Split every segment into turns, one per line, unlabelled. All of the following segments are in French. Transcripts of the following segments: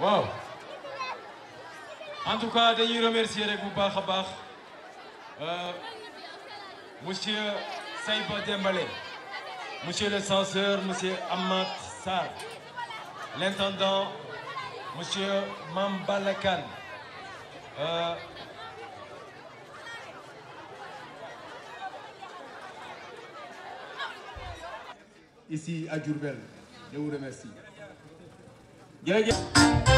Wow. en tout cas dañuy remercier les coups, baax baax euh, monsieur Saïba monsieur le censeur monsieur Amad Sar, l'intendant monsieur Mambalakan euh, ici à Djourbel je vous remercie Я, я...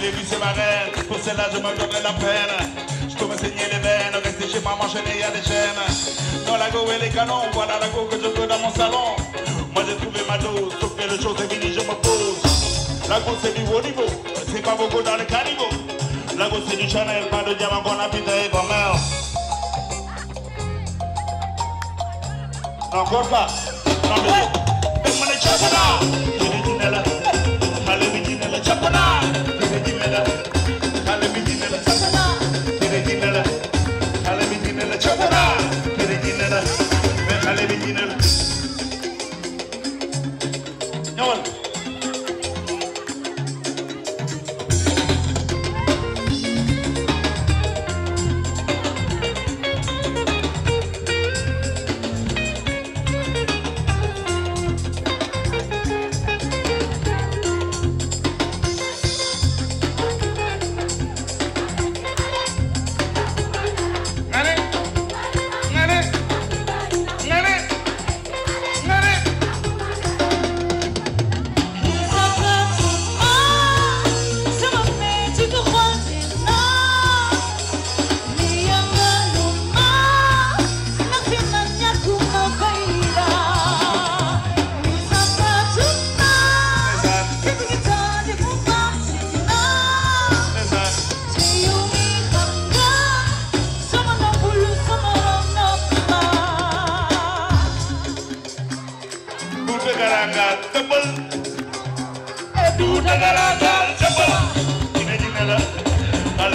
les rues, c'est ma reine. Pour cela, je me donne la peine. Je peux saigner les veines, rester chez moi, m'enchaîner à des chaînes. Dans la go et les canons, voilà la go que je veux dans mon salon. Moi, j'ai trouvé ma dose, sauf que le choses est je me pose. La go, c'est du haut niveau, c'est pas beaucoup dans le caniveau. La go, c'est du Chanel, pas de diamant, bon appétit et bon mère. Encore pas. Encore pas. Chapana, allez Chapana, Chapana,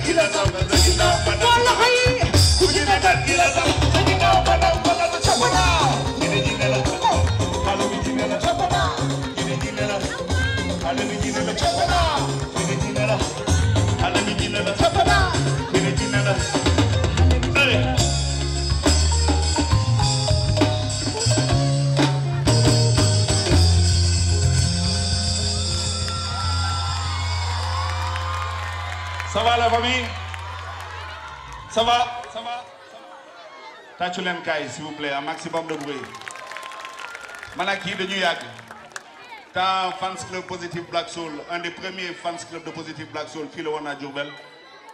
Kila Kila Kila Kila Kila Kila Kila Kila Kila Kila Kila Kila ça va la famille ça va ça va tàccu Kai s'il vous plaît un maximum de bruit Manaki de New York, Ta fans club Positive Black Soul un des premiers fans club de Positive Black Soul qui le woon à Diourbel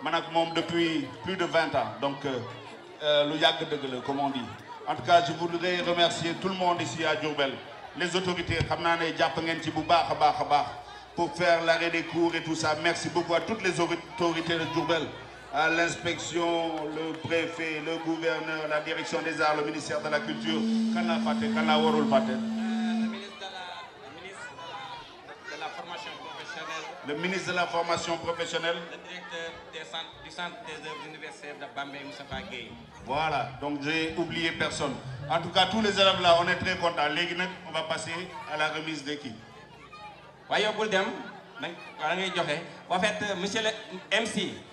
Manak depuis plus de 20 ans donc le Yak de le, comme on dit en tout cas je voudrais remercier tout le monde ici à Djoubel. les autorités xam naa ne jàpp ci pour faire l'arrêt des cours et tout ça. Merci beaucoup à toutes les autorités de Djourbel, à l'inspection, le préfet, le gouverneur, la direction des arts, le ministère de la culture. ministre de la formation professionnelle. Le ministre de la formation professionnelle. Le directeur du centre des œuvres universitaires de Bambé, Moussa Gueye. Voilà, donc j'ai oublié personne. En tout cas, tous les élèves là, on est très contents. Maintenant, on va passer à la remise des waye yobul dem nak ngay joxe wa mc